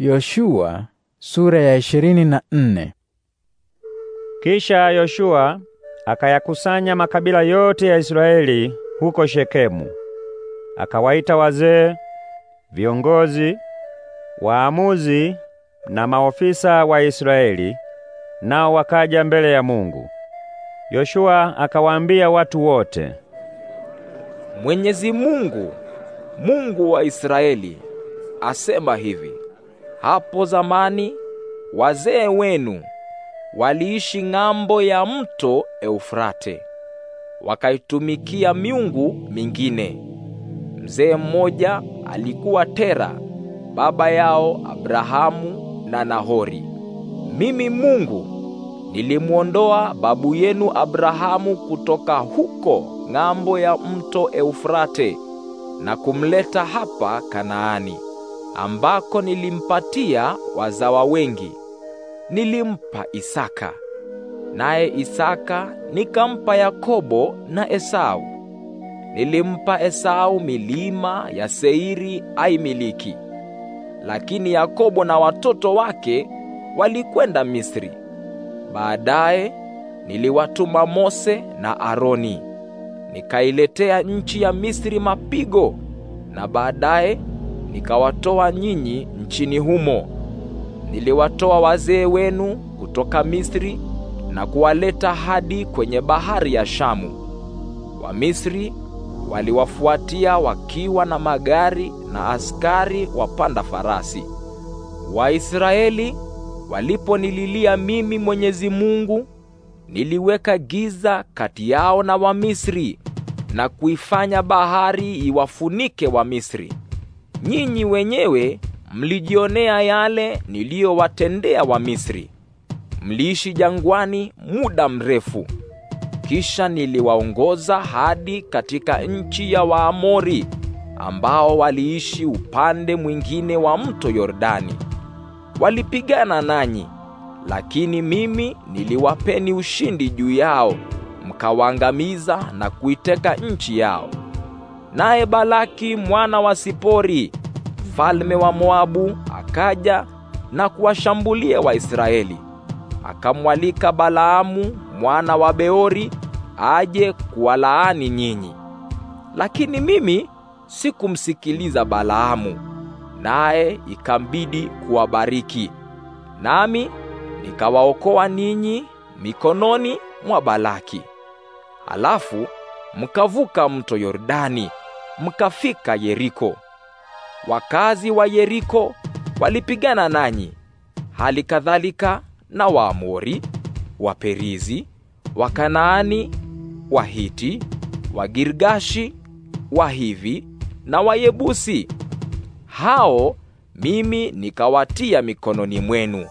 Yoshua sura ya na nne. Kisha Yoshua akayakusanya makabila yote ya Israeli huko Shekemu. Akawaita wazee, viongozi, waamuzi na maofisa wa Israeli, nao wakaja mbele ya Mungu. Yoshua akawaambia watu wote, Mwenyezi Mungu, Mungu wa Israeli, asema hivi: hapo zamani wazee wenu waliishi ng'ambo ya mto Eufrate, wakaitumikia miungu mingine. Mzee mmoja alikuwa Tera, baba yao Abrahamu na Nahori. Mimi Mungu nilimwondoa babu yenu Abrahamu kutoka huko ng'ambo ya mto Eufrate na kumleta hapa Kanaani ambako nilimpatia wazawa wengi. Nilimpa Isaka, naye Isaka nikampa Yakobo na Esau. Nilimpa Esau milima ya Seiri aimiliki, lakini Yakobo na watoto wake walikwenda Misri. Baadaye niliwatuma Mose na Aroni nikailetea nchi ya Misri mapigo, na baadaye nikawatoa nyinyi nchini humo. Niliwatoa wazee wenu kutoka Misri na kuwaleta hadi kwenye bahari ya Shamu. Wamisri waliwafuatia wakiwa na magari na askari wapanda farasi. Waisraeli waliponililia mimi Mwenyezi Mungu, niliweka giza kati yao na Wamisri na kuifanya bahari iwafunike Wamisri nyinyi wenyewe mlijionea yale niliyowatendea Wamisri. Mliishi jangwani muda mrefu, kisha niliwaongoza hadi katika nchi ya Waamori ambao waliishi upande mwingine wa mto Yordani. Walipigana nanyi, lakini mimi niliwapeni ushindi juu yao, mkawaangamiza na kuiteka nchi yao. Naye Balaki mwana wa Sipori mfalme wa Moabu akaja na kuwashambulia Waisraeli. Akamwalika Balaamu mwana wa Beori aje kuwalaani nyinyi, lakini mimi sikumsikiliza Balaamu, naye ikambidi kuwabariki. Nami nikawaokoa ninyi mikononi mwa Balaki. Halafu mkavuka mto Yordani mkafika Yeriko. Wakazi wa Yeriko walipigana nanyi, hali kadhalika na Waamori, Waperizi, Wakanaani, Wahiti, Wagirgashi, Wahivi na Wayebusi. Hao mimi nikawatia mikononi mwenu.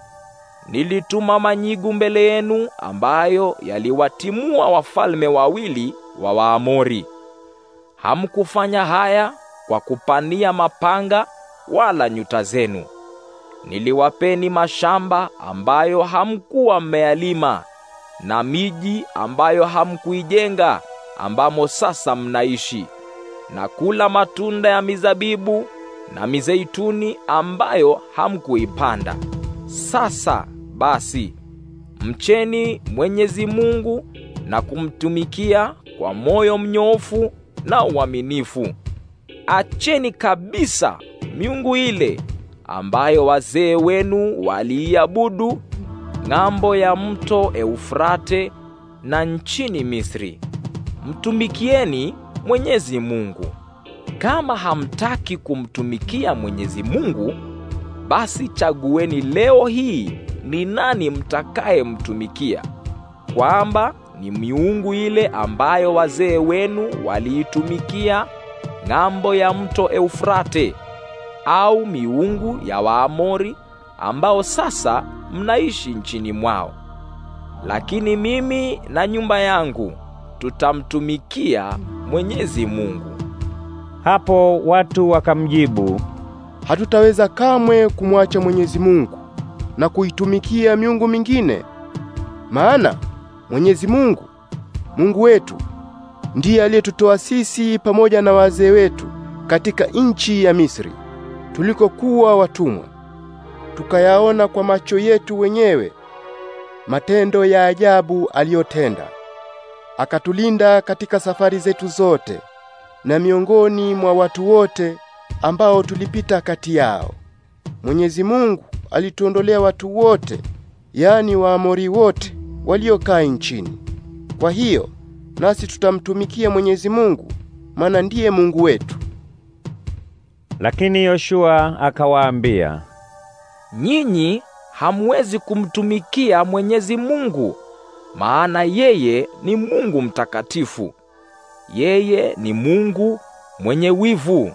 Nilituma manyigu mbele yenu ambayo yaliwatimua wafalme wawili wa Waamori. Hamkufanya haya kwa kupania mapanga wala nyuta zenu. Niliwapeni mashamba ambayo hamkuwa mmealima na miji ambayo hamkuijenga ambamo sasa mnaishi na kula matunda ya mizabibu na mizeituni ambayo hamkuipanda. Sasa basi, mcheni Mwenyezi Mungu na kumtumikia kwa moyo mnyofu na uaminifu. Acheni kabisa miungu ile ambayo wazee wenu waliiabudu ng'ambo ya mto Eufrate na nchini Misri. Mtumikieni Mwenyezi Mungu. Kama hamtaki kumtumikia Mwenyezi Mungu, basi chagueni leo hii ni nani mtakayemtumikia, kwamba ni miungu ile ambayo wazee wenu waliitumikia ng'ambo ya mto Eufrate, au miungu ya Waamori ambao sasa mnaishi nchini mwao. Lakini mimi na nyumba yangu tutamtumikia Mwenyezi Mungu. Hapo watu wakamjibu, hatutaweza kamwe kumwacha Mwenyezi Mungu na kuitumikia miungu mingine, maana Mwenyezi Mungu, Mungu wetu ndiye aliyetutoa sisi pamoja na wazee wetu katika nchi ya Misri tulikokuwa watumwa, tukayaona kwa macho yetu wenyewe matendo ya ajabu aliyotenda. Akatulinda katika safari zetu zote na miongoni mwa watu wote ambao tulipita kati yao. Mwenyezi Mungu alituondolea watu wote, yaani Waamori wote waliokaa nchini. Kwa hiyo nasi tutamtumikia Mwenyezi Mungu, maana ndiye Mungu wetu. Lakini Yoshua akawaambia, nyinyi hamuwezi kumtumikia Mwenyezi Mungu, maana yeye ni Mungu mtakatifu. Yeye ni Mungu mwenye wivu,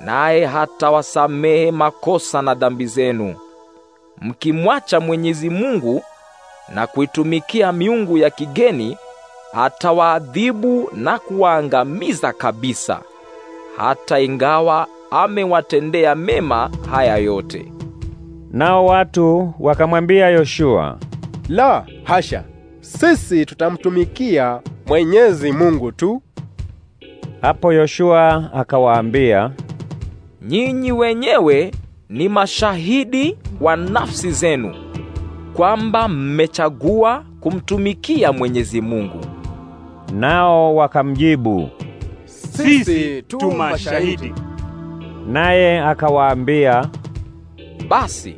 naye hatawasamehe makosa na dhambi zenu. Mkimwacha Mwenyezi Mungu na kuitumikia miungu ya kigeni, atawaadhibu na kuwaangamiza kabisa, hata ingawa amewatendea mema haya yote. Nao watu wakamwambia Yoshua, la hasha, sisi tutamtumikia Mwenyezi Mungu tu. Hapo Yoshua akawaambia, nyinyi wenyewe ni mashahidi wa nafsi zenu kwamba mmechagua kumtumikia Mwenyezi Mungu. Nao wakamjibu, sisi tu mashahidi. Naye akawaambia, basi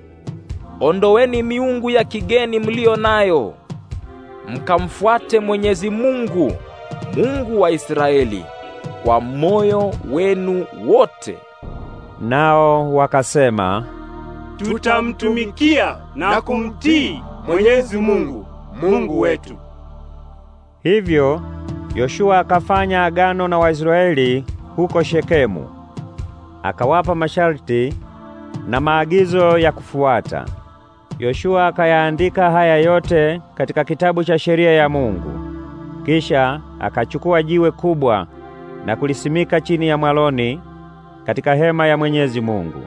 ondoweni miungu ya kigeni mlio nayo, mkamfuate Mwenyezi Mungu, Mungu wa Israeli kwa moyo wenu wote. Nao wakasema tutamtumikia na kumtii Mwenyezi Mungu, Mungu wetu. Hivyo Yoshua akafanya agano na Waisraeli huko Shekemu. Akawapa masharti na maagizo ya kufuata. Yoshua akayaandika haya yote katika kitabu cha sheria ya Mungu. Kisha akachukua jiwe kubwa na kulisimika chini ya mwaloni katika hema ya Mwenyezi Mungu.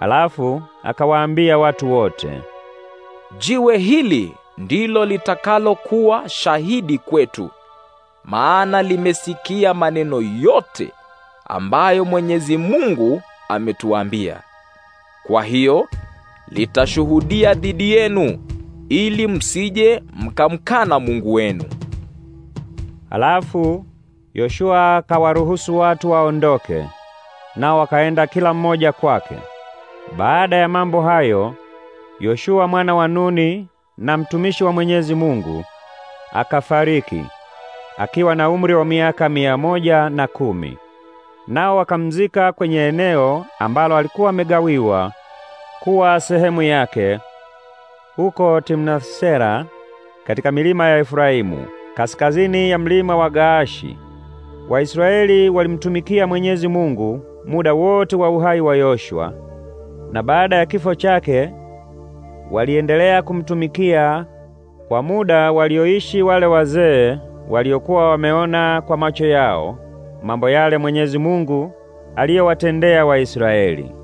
Alafu akawaambia watu wote, jiwe hili ndilo litakalokuwa shahidi kwetu, maana limesikia maneno yote ambayo Mwenyezi Mungu ametuambia. Kwa hiyo litashuhudia dhidi yenu ili msije mkamkana Mungu wenu. Alafu Yoshua akawaruhusu watu waondoke, nao wakaenda kila mmoja kwake. Baada ya mambo hayo, Yoshua mwana wa Nuni na mtumishi wa Mwenyezi Mungu akafariki akiwa na umri wa miaka mia moja na kumi. Nao wakamzika kwenye eneo ambalo alikuwa amegawiwa kuwa sehemu yake huko Timnathsera katika milima ya Efraimu kaskazini ya mlima wa Gaashi. Waisraeli walimtumikia Mwenyezi Mungu muda wote wa uhai wa Yoshua na baada ya kifo chake waliendelea kumtumikia kwa muda walioishi wale wazee waliokuwa wameona kwa macho yao mambo yale Mwenyezi Mungu aliyowatendea Waisraeli.